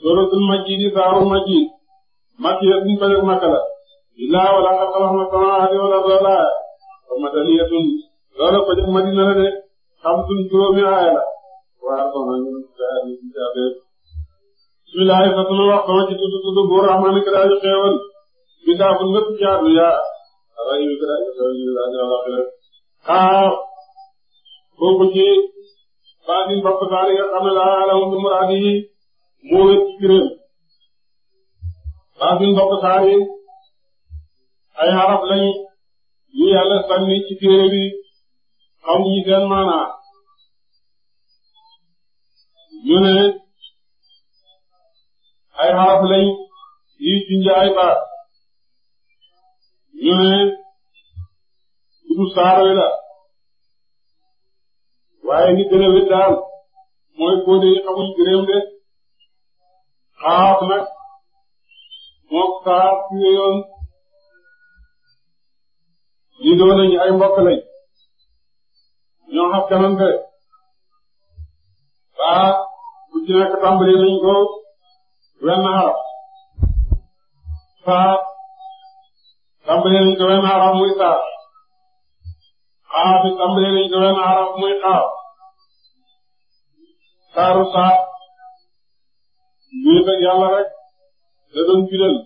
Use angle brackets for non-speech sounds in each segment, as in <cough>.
suratul majid saaru majid makkiyatun bale makka la illaa wala qad xalaqna samaawaati wal arda wa madaniyatun loola ko def madina la de xamsun juróomi aaya la waa soo na ñun gaa yi ci jaabee bismillaahi fatuna wax sama ci tudd tudd buur rahmaani ka daaju xeewal bi daafun lépp jaadu yaa rayu ka daaju xeewal ñu daaju alaxira xaar bokku ci baatin bopp saari nga xam ne laa alamul muraadi moo wét ci kuréel laakin mbokk saar yi ay xaraf lañu yu yàlla sànni ci téere bi xam ñu seen maanaa ñu ne ay xaraf lañ yuy junj ay baat ñu ne tudd saaroy la waaye li gën a wét daal mooy kóode yi xamuñ gëréem de xaaxaaf nag moom sax fi nga yoon ñu doon nañu ay mbokk lañ ñoo xam kanante baa ah bu ci nekk tàmbali nañ ko wenn xaraf saa tàmbali nañ ko wenn xaraf muy saa xaafi tàmbali nañ ko wenn xaraf muy xaaf saaru saa ñuy bëgg yàlla rek da doon fidèle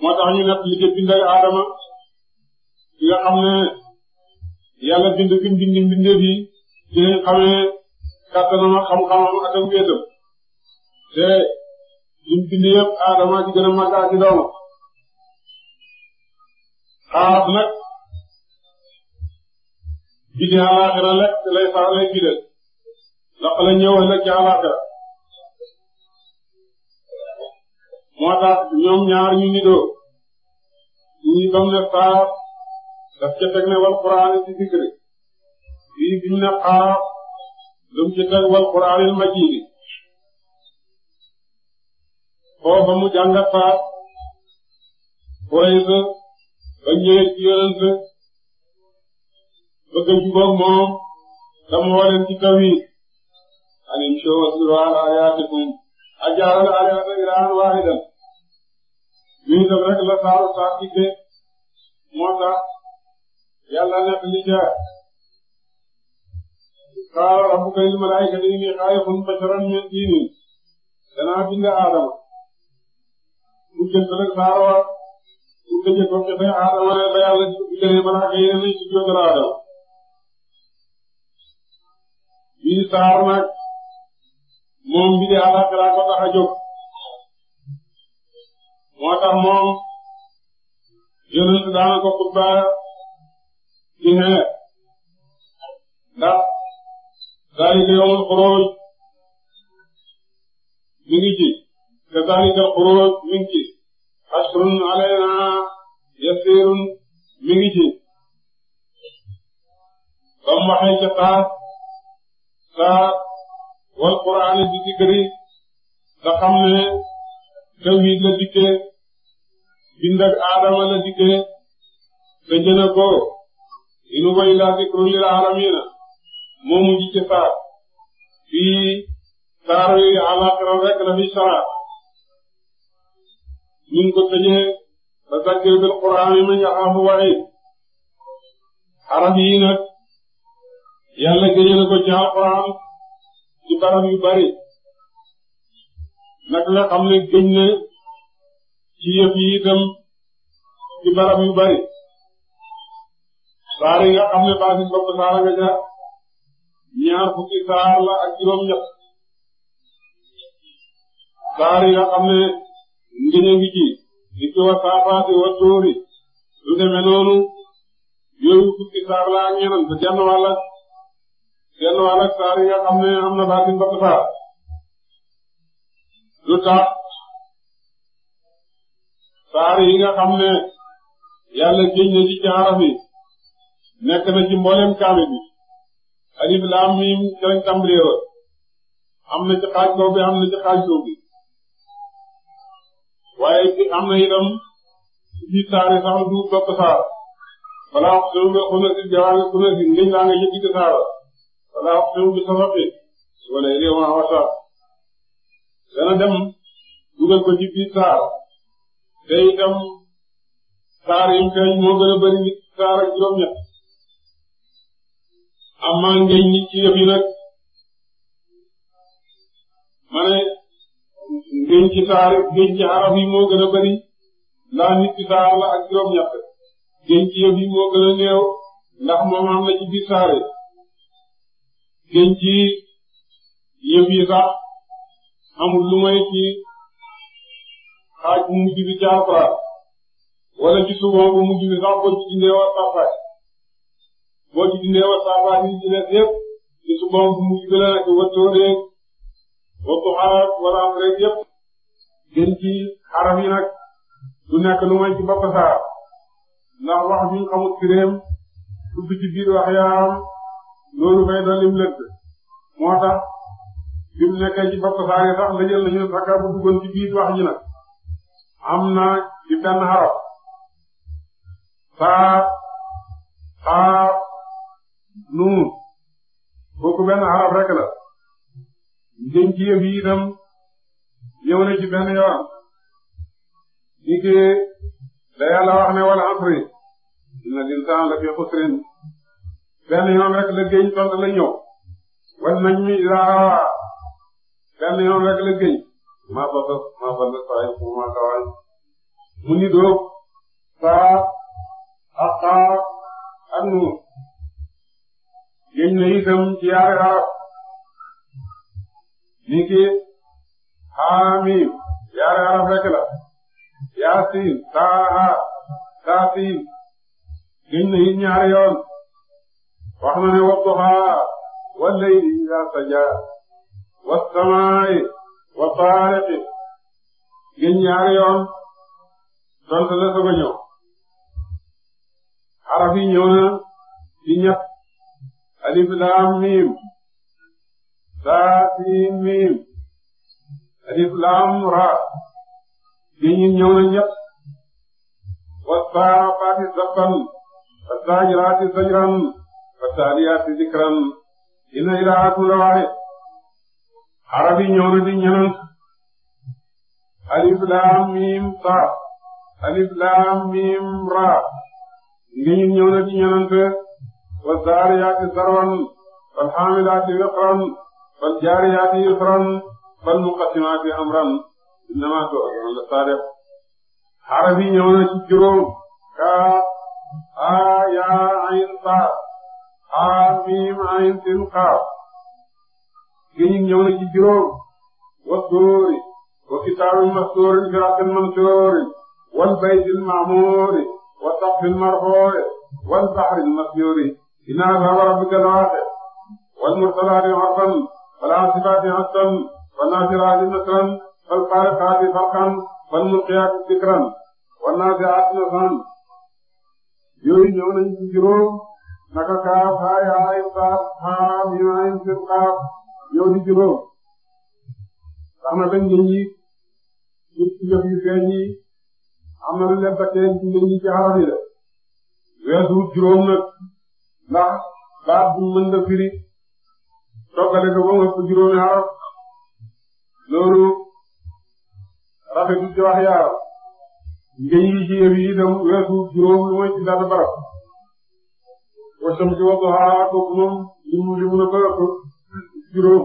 moo tax ñu nekk li ko bindee Adama ki nga xam ne yàlla bind fi mu bind mbindeef yi ci lañ xamee kàttanam ak xam-xamam ak ak wéetam te lim bind yëpp Adama ci gën a màgg ak ci doomam xaar nag bindi àllaaxira lekk lay sax lay fidèle ndax la ñëw lekk ci àllaaxira moo tax ñoom ñaar ñu ñi bam ne xaaf daf ca ne wal qur'aan ci zikri fii ne xaaf lu mu ci teg wal qur'aanil majiidi foofa mu jàngat faat Quraysh ba ñëwee ci yonent bëgg a jubóog moom dama waleen ci tawhiid an imshuu wasbiruu alaa ayaatikum aj'ala al-aalihata ilaahan waahidan lii dem rek la saaru saar digle moo tax yàlla nekk li ca qaala rabbuka lil malaa'ikati inni xaaliqun basharan min tiinin danaa bind aadama bu jëkk rek saaro wa bu gëjë ko kese aadama ne ba yàlla digalee malaaka yi nañ ci jógal aadama bii saar nag moom bi di àllaaxira ko tax a jóg moo tax moom yonent daana ko xutba ci xeer ndax zalika yawmul xuruj mi ngi ci te zalika xuruj mi ngi ci hasrun alayna yasirun mi ngi ci ba mu waxee ca saar saar wal qur'aan di zikri da xam ne tawhid la dikkee bind ak la dikkee dëjë na ko inu ko illaa zikrun lil aalamiina moo mujj ci saar fii saar yi alaaxira rek la fi saraat ñu ko tëjee ba zakkir bil qur'aan yi man yaxaafu wa'iid xaraf yi nag yàlla gëjë na ko ci alqur'aan ci bari nag nga xam ne gëj na ci yëf yi itam ci barab yu bari saar yi nga ne baasi bopp saara nga ñaar fukki saar la ak juróom-ñett saar yi nga xam ne ngëñë ngi ci dikki wa saafaati wa tuuri lu demee noonu yooyu fukki saar la ak ñeneen te genn wàlla genn wàlla saar yi nga ne am na baasi bopp saar lu tax saar yi nga xam ne yàlla géñ na ci jaaraf nekk na ci mboolem kaamil bi laam miim ci lañ am na ci xaaj am na ci xaaj suuf am na itam ci saar sax du bopp saar balaa wax suuf bi xuna si jawaange xuna si ngiñ laa nga yëg ci saara balaa wax suuf bi safaxi wala réew ma dana dem dugal ko ci biir saar te itam saar yi feeñ moo gën a bëri saar ak juróom-ñett amma ngeen nit ci yëf yi nag ma ci saar ngeen ci xaraf moo gën a bëri ndax nit saar la ak juróom-ñett ngeen ci yëf moo gën a néew ndax moom am na ci biir saare ngeen ci yëf sax amul lu may ci xaaj bu mujj bi wala ci suba bu mujj sax boo ci dindee war saafara boo ci dindee ci des yëpp ci suba bu mujj bi la rek wala am rek yëpp gën ci xaram yi nag du nekk lu may ci bopp saa ndax wax bi xamut firéem tudd ci biir wax yaram loolu fay doon lim lëdd moo tax bi mu nekkee ci bopp saa yi sax la jël lañu sakka bu duggoon ci biir wax ji nag am na ci benn xaraf saa saa nuun kooku benn rek la njën ci yëf yi itam ñëw yoon ni ki la yàlla wax ne wala asri inna l'insana la fi xusrin benn yoon rek la géñ tontu la ñëw wal najmi idaa hawaa benn yoon rek la géñ maa ba ba maa ba la saa yu ma kawaay mu ni doo saa ak saa ak nu géñ na itam ci yaari arab ni ki haamiim yaari arab rek la yaasiin saaha saasiin géñ na it ñaari yoon wax na ne wa duhaa wal layli idaa sajaa was samaa'i wa taarati giñ yoon donte la soog a ñëw yi ñëw na ci ñett alif miim saa siin miim alif laam raa giñ ñi ñëw na ñett wa saafati sabban wa saajiraati sajran wa taaliyaati zikran inna ilaakum la waahid arab yi ñëw na di ñenant alif laam miim ta alif laam miim ra liñit ñëw na di ñenant wa zaariyaati zarwan fal haamilaati wiqran fal jaariyaati yusran fal muqassimaati amran innamaa tu'adun la saadiq arab yi ñëw na ci juróom kaaf aa yaa ayn ta haa miim ayn sin qaaf géej ñëw na ci juróom wasóori wa kitaabin mastóorin firaatin mansóorin wal baytil ma'muuri wa saqfin marfuu'i wal bahril masjuuri inna ashaaba rabbika lawaaqi' wal mursalaati urfan wal aasifaati asfan wal naasiraati nasran wal faariqaati farqan wal mulqiyaati dhikran wal naazi'aati nash'an yooyu ñëw nañ ci juróom naka kaaf haa yaa ayn saad haa miim ayn sin qaaf ñëw di juróom tax na ba njëriñ yi ci jëf yu feeñ yi am na lu leen ba tey njëriñ yi ci xaraf yi la weesu juróom nag ndax baat bu mën na firi toggale ko ba mu ëpp juróomi xaraf loolu rafetul ci wax yaaram njëriñ yi ci yëf yi itam weesu juróom lu mooy ci dara barab wasam ci wàllu xaaral ak moom li mu li mun a bëgg juróom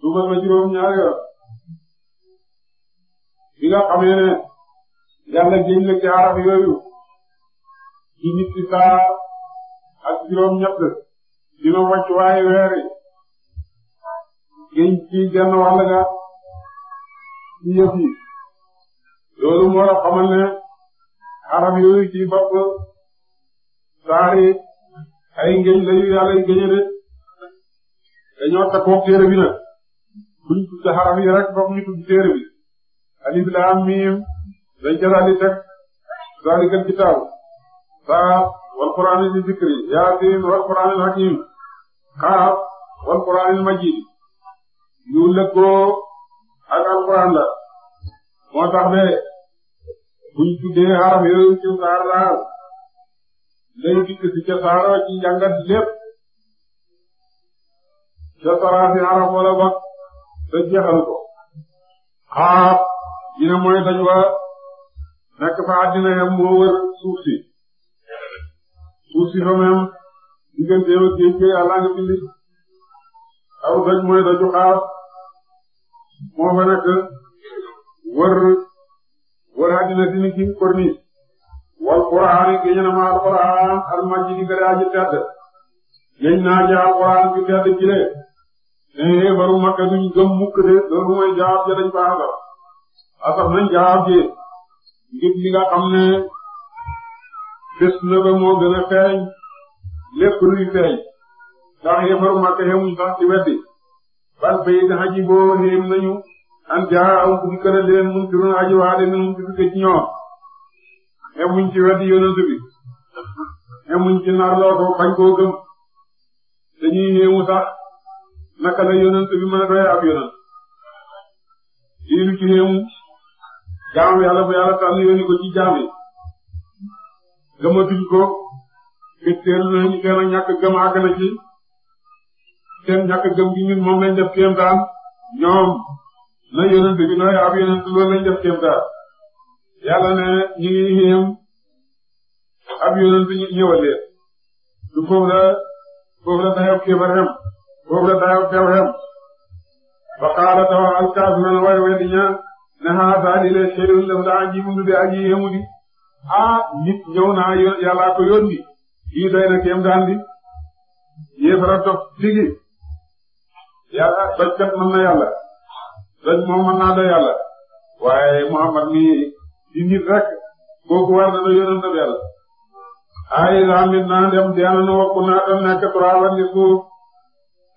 suba ba juróom ñaari yoon bi nga xamee ne yàlla jëñ la ci arab yooyu ci ñetti saa ak juróom ñett dina wàcc waaye weer yi géej ci genn wàll ga ci yëf yi loolu moo la xamal ne arab yooyu ci bopp saari ay ngéñ la yu yàlla géñe de dañoo takkoog téere bi nag buñ tudd xaraf yi rek foog ñu téere bi alif laam miim dañ ca daal di teg zalikal kitaabu saa wal qur'aanil di zikri yaasiin wal qur'aanil hakiim xaaf wal qur'aanil majiid yu lëkkoo ak alquran la moo tax de buñ tuddee xaraf yooyu ci saar daal lay ci ca saaro ci njàngat lépp te soraasi araf wala ba te jeexal ko xaaf dina mooy daj wa nekk fa àddina yam moo wër suuf si suuf si fa même digganteem ak gi yàlla nga bind aw daj mooy daju xaaf moo fa nekk wër wër àddina si ni ci wal qur'aan yi géej na ma al qur'aan al aji tedd géej naa ji al qur'aan bi tedd eh waru Makka duñ gëm mukk de loolu mooy jawaab ja dañ ko àggal asaf nañ jawaab ji ngir li nga xam ne bés na ba moo gën feeñ lépp luy feeñ ndax yéfaru Makka yemuñ sax ci weddi bal bay tax a ji nañu an jaa aw bu dikkale leen mun turun aji waale ne mun tuddee ci ñoom yemuñ ci weddi yonent bi yemuñ ci nar loo ko bañ koo gëm dañuy néewu sax. naka la yonent bi mën a doy ab yonent lii lu ci yéemu jaam yàlla bu yàlla tànn yónni ko ci jaam yi gëmatuñ ko fitteelu nañ seen a ñàkk gëm àgg ci seen ñàkk gëm gi ñun moom lañ def kéemtaan ñoom na yonent bi nooy ab yonent loolu lañ def kéemtaan yàlla ne ñu ngi yéem ab yonent ñëwal leen du foofu la foofu la dayob kéebar foofu la daaw teew-teew ba xaaral taxaw alkaafiruun way weddi ña ne xaataa di leen xëyul def daa aji mu tuddee aji yéemu di ah nit ñëw naa yàllaa ko yónni lii doy na kéem daan di yéefara topp tigi yàlla doj kat mën na yàlla doj moom mën naa doy yàlla waaye Muhammad mi di nit rek kooku war na doy yónent bi yàlla ay laa mit naa dem deena nu wakku naa tam nekk turaaban di suuf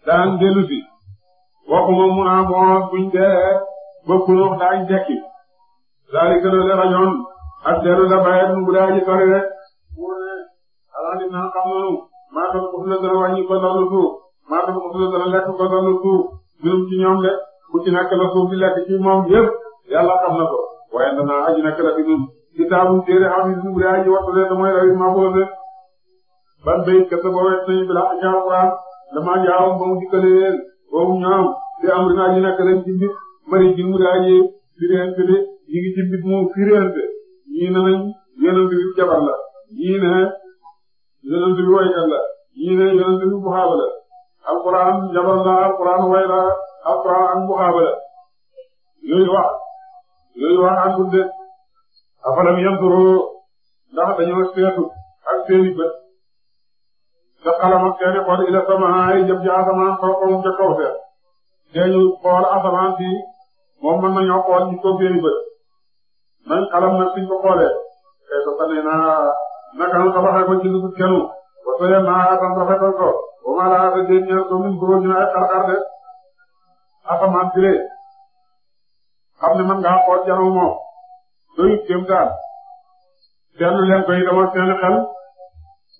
daan dellu si waxuma mu naa moos buñ dee ba daañ dekki zalika na le rajoon ak dellu la bayatun bu daaji sori rek mu ne alaandi naa xam nanu maa tax ko fu la dana wàññi ko maa tax ko fu lekk ko dollu suuf minum ci ñoom de ku ci nekk di lekk ci moom yëpp yàlla xam na ko waaye aji nekk la fi nun kitaabu téere xam ni bu daaji wattu de damay rawi ma boose ban bayit ka sa wet nañu bila ajaab damaa jaaw ba mu dikkalee leen boobu ñoom di am lu ñu nekk leen ci mbir mbari ji mu daa ji firente de ñu ngi ci mbir moom firente ñii ne nañ yonent bi jabar la ñii ne yonent bi woykat la ñii ne yonent bi buxaaba la alquran jabar la alquran way la alquran buxaaba la yooyu wax yooyu wax àndul de afalam yanzuru ndax dañoo seetu ak seeni bët sa xalam ak seeni xol ila samaay jëm ci asamaan xooxoom ca kaw seet seeni xool asamaan si moom mën nañoo xool ci kaw seeni bët nañ xalam nag suñ ko xoolee kay sa sane naa naka nu tabaxee ko ci lu dul kennu ba soo yem naa atam rafetal ko ba ma laa sa seen ñaar soo min buróo ñu ay xar-xar de asamaan si ree xam ne mën ngaa xool janoom moom doy kéem daal seetlu leen ko yi dama seeni xel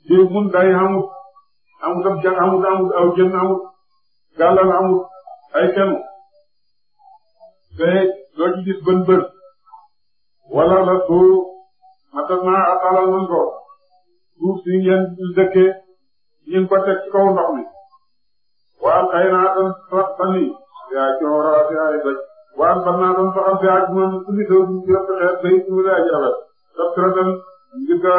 ci mun day xamut amut ab jën amut amut amut ay kenn te doo bën bën wala la suur maintenant atalal nañ ko suuf si ngeen dëkkee ñu ngi ci kaw ndox mi waan xëy naa tan sax sani yaa ay doj waan ban tan saxal si ak moom suñu doon yëpp xeet day suñu laaj rafet daf ci rafet ngir ko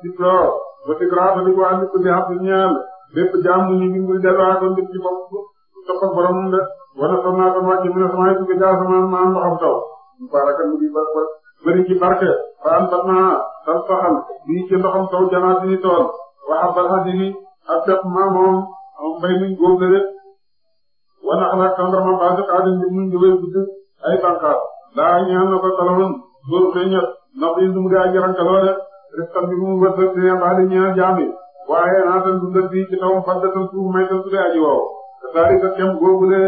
ci floor ba ci graafa di ko andi ko di xam si ñaar bépp jaam bu ñu ngi muy delluwaatoon ci bopp toppal boromam de wala xam naa ko wàcc mu ne sama yëpp jaaw sama maam ndoxam taw mubaaraka mu ngi bar bar bëri fa am ba naa tal faxal bii ci ndoxam taw janaati ni tool waxa bala ni ak bépp maa moom am mbay muñ góob na de wala xam naa tàmbali ma baasi xaar yi muñ ñëwee gudd ay ko talawoon bu dee ñett ndox yi mu dee ay jarankalo de restam bi mu wër de dinañ baal di ñaan jaam waaye naa leen dundal fii ci taw fadda sa suuf may sa suufee aji wow te saari sa kem googu de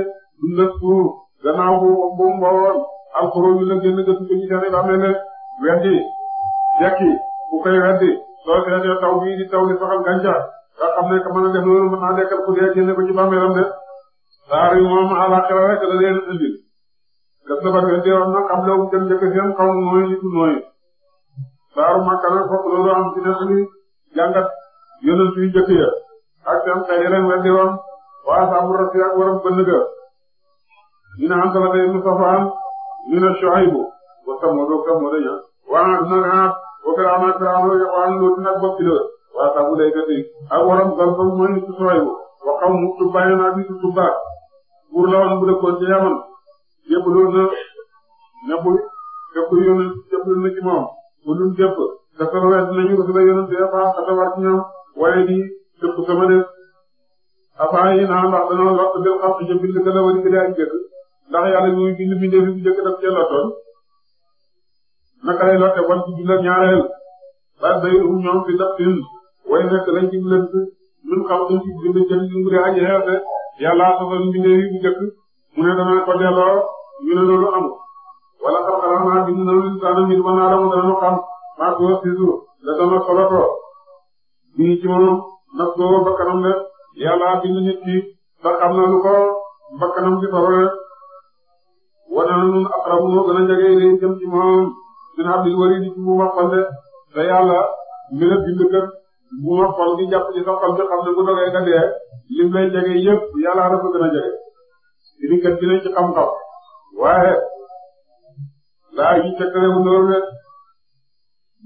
suuf gannaaw bu bu mbowoon alxuroo yi la génn gëstu ko ci seen i bàmmeel ne jekki ku koy weddi soo seetee taw bii taw di saxal gàncax nga xam ne ka mën a loolu mën naa dekkal ku dee génne ko ci bàmmeelam de saari moom alaxira rek la leen indi gas na bari weddi woon na xam ne wu jëm jëkk seen xaw nooy nitu nooy saaru makka nag fokk loolu am yonent yu jëkk ya ak seen xel ya leen weddi woon waa saabu rafet ak waram bënn ga ñu ne Hamza la tey mu Safwaan ñu ne Shuaybu wa Samud wa Samud ña waa nag nag ah wa Firawna ak Firawna waa Luut nag bopp ci la waa saabu day gëstu ak waram gàll fa mooy Shuaybu wa qawmu Tubbaa naa bi Tubbaa buur la woon bu dëkkoon ci Yaman yëpp loolu na ne bu képp yonent képp na ci moom bu dul képp te solo wet nañu ko si la yonent ah, bee baax te war ci ñoom. waaye di dëpp sama def affaire yi naa ndax dañoo lott bil xam ci bind ka la war a ak jëkk ndax yàlla muy bind bindee fi bu jëkk daf cee lottoon naka lay lotte wan ci bindal ñaareel ba day um ñoom fi daf tin way nekk lañ ci lënt jëkk mu ne danaa ko delloo ñu ne loolu amul wala xam-xam naa bind na lu insaana mbir ba naa dama dana xam maa ko siisu la dana solo ko ñu ci moom nag boobu bakkanam ne yàlla bind nit ki te xam na lu ko bakkanam di faral wane na ñun aqrabu moo gën a jege lay jëm ci moom dina am lu wari di ci bu ma xol de te yàlla mi la bind kat bu ma xol di jàpp ci sa xol bi xam ne bu dogee nga dee lim lay jege yëpp yàlla dafa gën a jege. li kat dina ci xam-xam waaye laa yi tekkale wu loolu de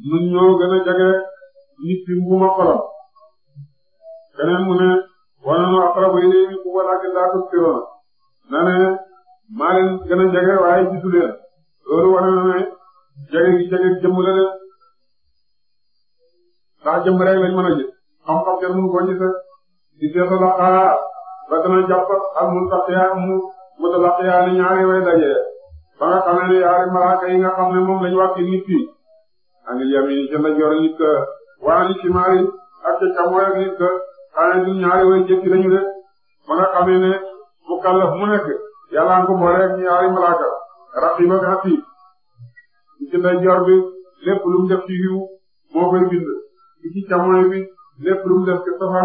ñun ñoo gën a jege. nit ki mu keneen mu ne wane na aqrabu ilayhi walakin la tubsirun na ne maa gën a jege waaye gisu loolu wane na jege jege jëmm la de jëmm rek lañ mën a xam-xam kenn mënu ko gis di seet la ah, ba dana jàpp ak mu taqiya mu mutalaqiya ni ñaari way daje ba nga xam ne moom lañ wax ci nit angi yami ci la jor wala ni cimaari ak ca càmmooy ak nit ka xale ñu ñaari way jëkki lañu de ba nga xamee ne mu kallaf nekk yàlla ko boole ak ñaari malaaka raqiib ak atiid ci ndeyjoor bi lépp lu mu moo koy bind ci ci bi lépp lu mu def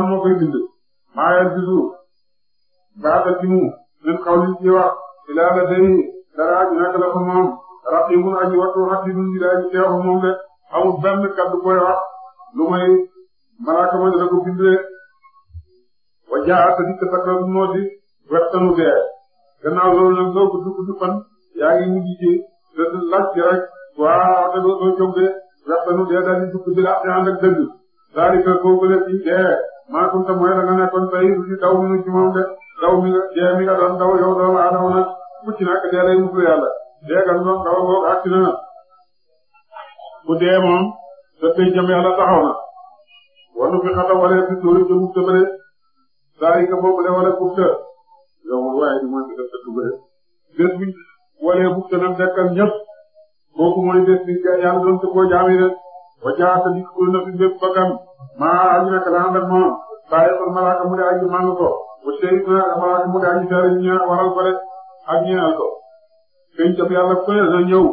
moo koy bind maa yen ci suuf baata ci mu min xawli ci wax ilaa la day dara ak ñàkk la fa moom raqiibun aji wattu atiidun ilaa ji teexu moom de amul benn kaddu koy lu may malaaka ma dina ko bindee wa jaa te dikk sakratu mawti wettanu dee gannaaw loolu nag doo gudd gudd fan yaa ngi mujj ci te laaj ci rek waaw te doo doo jóg de wettanu dee daal di dugg bi la ànd ak dëgg daal ko kooku la ci dee maa kunta mooy la nga nekkoon tey du daw mi ci moom de daw mi nga dee mi nga doon daw yow doomu aadama nag mucc na ak dee lay mucc yàlla dee gan doon daw boog àcc na ku dee moom. te tey jëm yàlla taxaw na wanu fi xata wala fi tuuri jëmu tëbëre saa yi ka boobu de wala bukta yowul waaye di mooy bi def dëkk bëre bés bi walee bukta nag dekkal ñëpp kooku mooy bés bi yàlla doon te koo jaami de wa jaata di ko na fi bépp bakkan maa aji nekk la ànd ak moom saa yi kon malaaka mu de aji màng ko wa sey na malaaka mu de aji saare ña waral ko rek ak ñeenal ko feñ cap yàlla ko na ñëw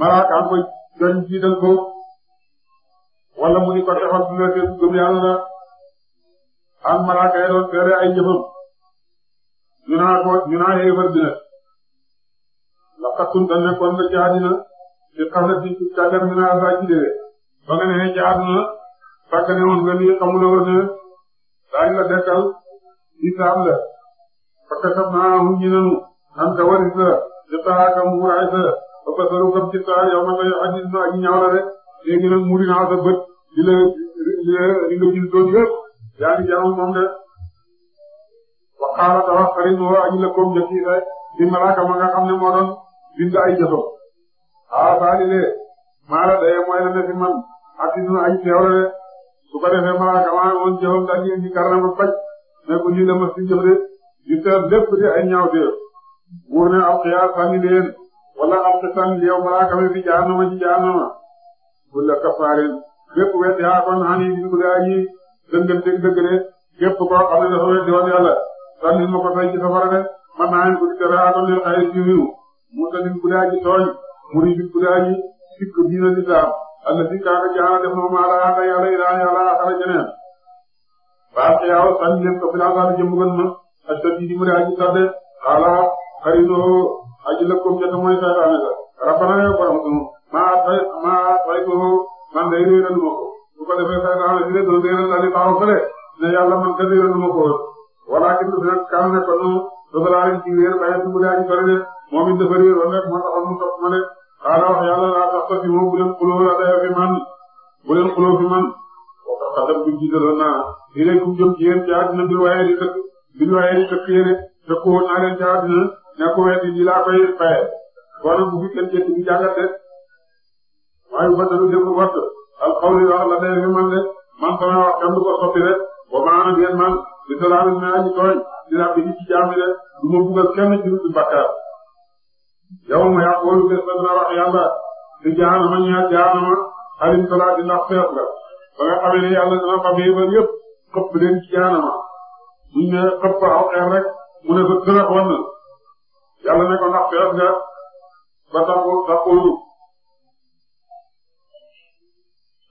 malaaka am koy gën jiital ko wala mu di ko defal bu fekkee gëm yàlla la ak malaaka yi doon seere ay jëfam ñu naa ko ñu naa yeefar dina la xatum dañ nekkoon la ci àddina ci xasati ci càggat mi naa saa ci déwé ba nga nee ci àdduna sàkk ne woon nga nii xamula woon ne daañ la dekkal hisaab la parce que xam naa ñu nanu an ka waris la ci talaaka mu waay sa ba ba sa rukam ci saa yow man la aji sa aji ñaaw la rek léegi nag muuri naa sa bët di la di la di nga gis doon yëpp yaa ngi jaroon moom de wa xaaral sa wax xarit moo aji la koom jëf yi rek di malaaka ma nga xam ne moo doon bind ay jëfam ah saa di lee maa la dayee mooy la ne fi man ak si suñu aji teew la de su ko defee malaaka maa ngi woon jëfam daal di indi karama ba paj mais bu lii la ma si jëf de di seet lépp di ay ñaaw de wóor na ab xiyaar saa ngi leen. wala am te tan yow malaaka mi fi jaanuma ci jaanuma bu la kafaarin képp weddi haa kon hani bi bu gaa yi dëngam dëgg dëgg de képp koo xam ne dafa weddi woon yàlla ma ko tey ci safara de man naa leen ko di tere haa kon mu ta nit bu mu ri nit bu gaa ji sikk diina alla fi kaaka jaana def na maa la haa kay yàlla iraan yàlla axara jeneen baa xiyaaw sànni leen ko fi laa saa di jëm gën ma ak sa di di aji lëkkum ca te mooy saytaane la rabbana jaanama ñeel jaanama alim salaati ndax fees la ba nga xamee yàlla dana xamee ba yàlla ne ko ndax nga ba taxul taxulu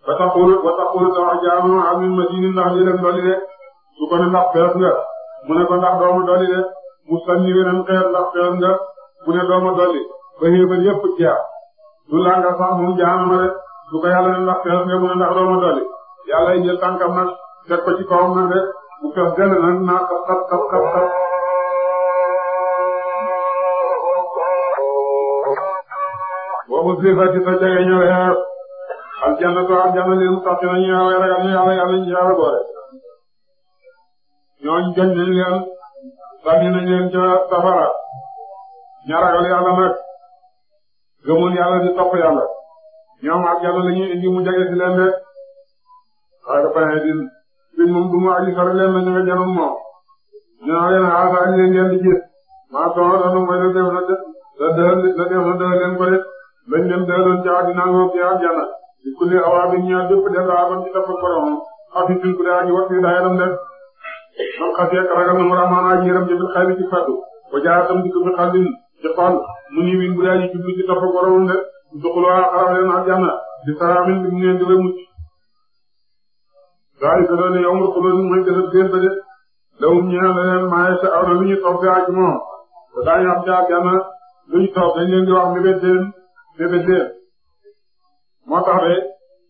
ba taxul ba taxul tax jaanama alim madini ndax li leen su ko ne ndax nga mu ne ko ndax doomu doli de mu sànni weneen xeer ndax fees nga mu ne doomu doli ba yéefar yëpp jaar du laa nga sax moom jaanuma su ko yàlla ne ndax mu ne ndax dooma dolli yàlla jël tànkam nag teg ko ci kawam nag rek bu fees dell nag naa xap xap xap xap xap boobu siifa ci aljanna to aljanna leen sax ci nañu yàlla ragal ñu yàlla yàlla ñu yàlla boole ñooñ joñ nañ leen safara ña ragal yàlla gëmoon yàlla di topp yàlla ñoom ak yàlla la ñuy indi mu jege ci leen de waaye dafa ne di bin moom du mu aji sori leen na ñu nga janum moom ñu na leen xaasa ah añ leen ngeen di gis maa soxla danu mooy la def na def la def na def leen ko de lañ leen dëloon ci àddina ngoog ci àjjana di kulli awaa bi ñëw bépp def la abam ci topp borom xafisul ku de aji wattu daayam def man xasee ragal na mu rahmaan aji yërëm ci bil xayri ci faddu ko jaatam di ko bi xalin ci xol mu ni win bu daal di jublu ci topp boromam de duxuluhaa xaram leen aljanna bi salaamin bi mu ngeen di mucc daal ko doon yawmul xuluud mooy gësëb gën ba de lawum ñeel na leen maa yasha'uuna lu ñu toog ak moom te daañu am ci aljanna lu ñu toog dañ leen di wax mébét leen mébét leen moo tax de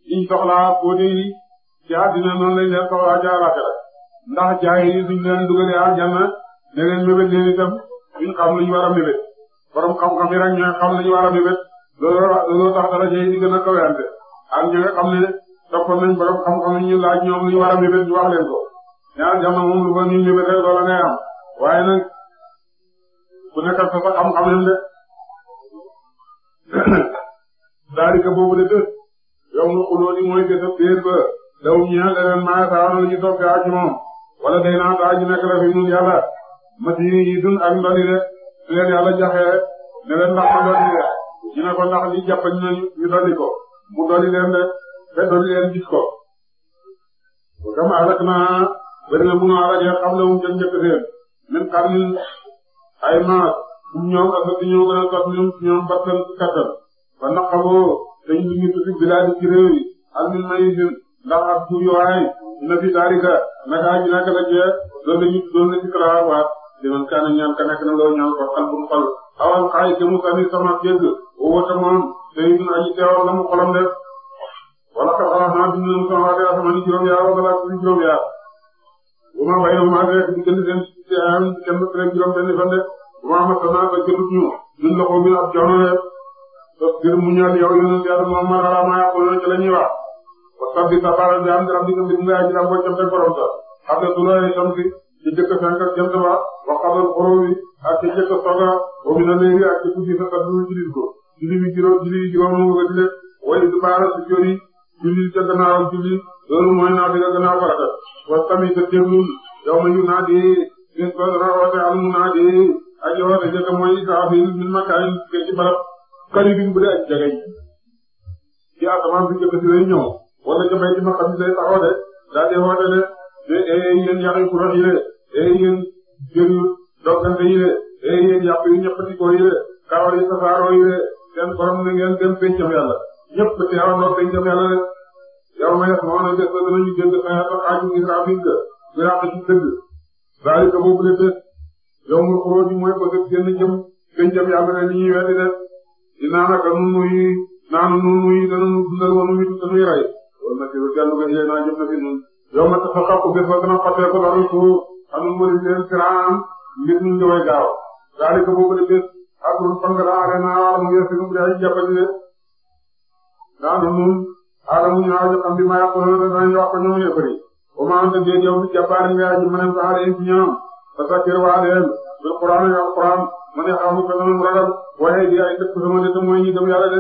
liñ soxlaa boo dee ci àddina noonu lañ leen soxlaa ci àllaxira ndax jaay yi duñ leen dugalee aljanna ne leen mébét leen itam duñ xam luñ war a mébét borom xam-xam yi rek xam nañu war mébét looloo looloo tax dara jëye di gën a kawéante ak ñi nga xam ne toppoon nañ xam-xam yi laaj ñoom lu ñu mébét ñu wax leen ko. ñaar jamono moom lu ko ñuy mébét rek loola ngay am waaye nag ku nekkal fa xam-xam leen de <coughs> daalika boobu de dëkk yow mu xulóo di mooy gëstu biir ba daw ñëw leneen maa saa ñu toppee ak moom wala day naa taa ñu la fi ñun yàlla mati yi dun ak ndoli de. su leen yàlla joxe ndax ma dolli leen ñu ko ndax li jàpp nañu ñu dolli mu dolli leen de te dolli leen gis ko. comme alak naa bëri na munoo alak yéen xam la moom jëm njëkk seen même xam ni ay maas ñoom ñoom ak ñoo gën a sos ñoom ñoom battan ci kattan ba naqaboo dañ ñu ngi tudd bilaadi ci réew yi ak min may ndax ak tuur yu waay na fi taarika naka ji naka la jeex doon ñu doon la ci kalaawaat. liman kaana ñaan ka nekk na loo ñaan ko xalbun xol awal xaay te mu sami sama dégg wowata moom sayidun aji teewal la mu xolam def wala ka xalaat naa bind nañu sama waatee asamaan yi juróom yaar wala ak juróom yaar bu ma bay na maa rek diggante ma amat naa ba ñu ñun loxo bi ab coono de sa mu ñal yow yonent yàlla moom ma dara maa yàqu loolu ci la wa sabbi sa baral am di rabbi ka mbir nga aji la mboo ca borom sa xam ne du la ci njëkk fenk ak jant ba ak ci njëkk soga wa mina layli ak ci guddi sa kaddu julil ko julli bi juróom de daa dee eh, yu kuréel yi ee eh, yéen jël doggante yi de ee eh, yéen yàpp yi ñëppatikoo yi de karaw yi safaaroo yi de seen borom na ngeen dem pencam yàlla ñëpp teewandoo pencam yàlla de yow ma yas ma woon a des ba danañu génn fin ak xaaju ngir rafet ci dëgg daal di boobu de bés yow mu xuroo ji mooy parce jëm pencam yàlla rek li ñuy weddi de dinaa naka nunu yi naanu nunu yi dana nu dundal nu muy rey wala a jëm na nun yow ma tax a xàpp bés ba dana fàtteeku daal di alum bëri seen siraan mbir mi ñu koy gaaw daal di ko bëgg a gis ak lu fan la aaree naa waaw mu ngi seen jaay jàppandi ne daanu ñun aadamu ñu naan xam bi ma yàqoon na danañ wax ko ñoom ñëpp rek. ba maa ngi leen di yow jàppaale nga yaay ñu mën a baaxale ci ñoom ba sa kër waa leen ba xuraan ak alxuraan ma ne xamu ko sama ragal waaye di ay dëkk sama nit mooy ñi dem yàlla de.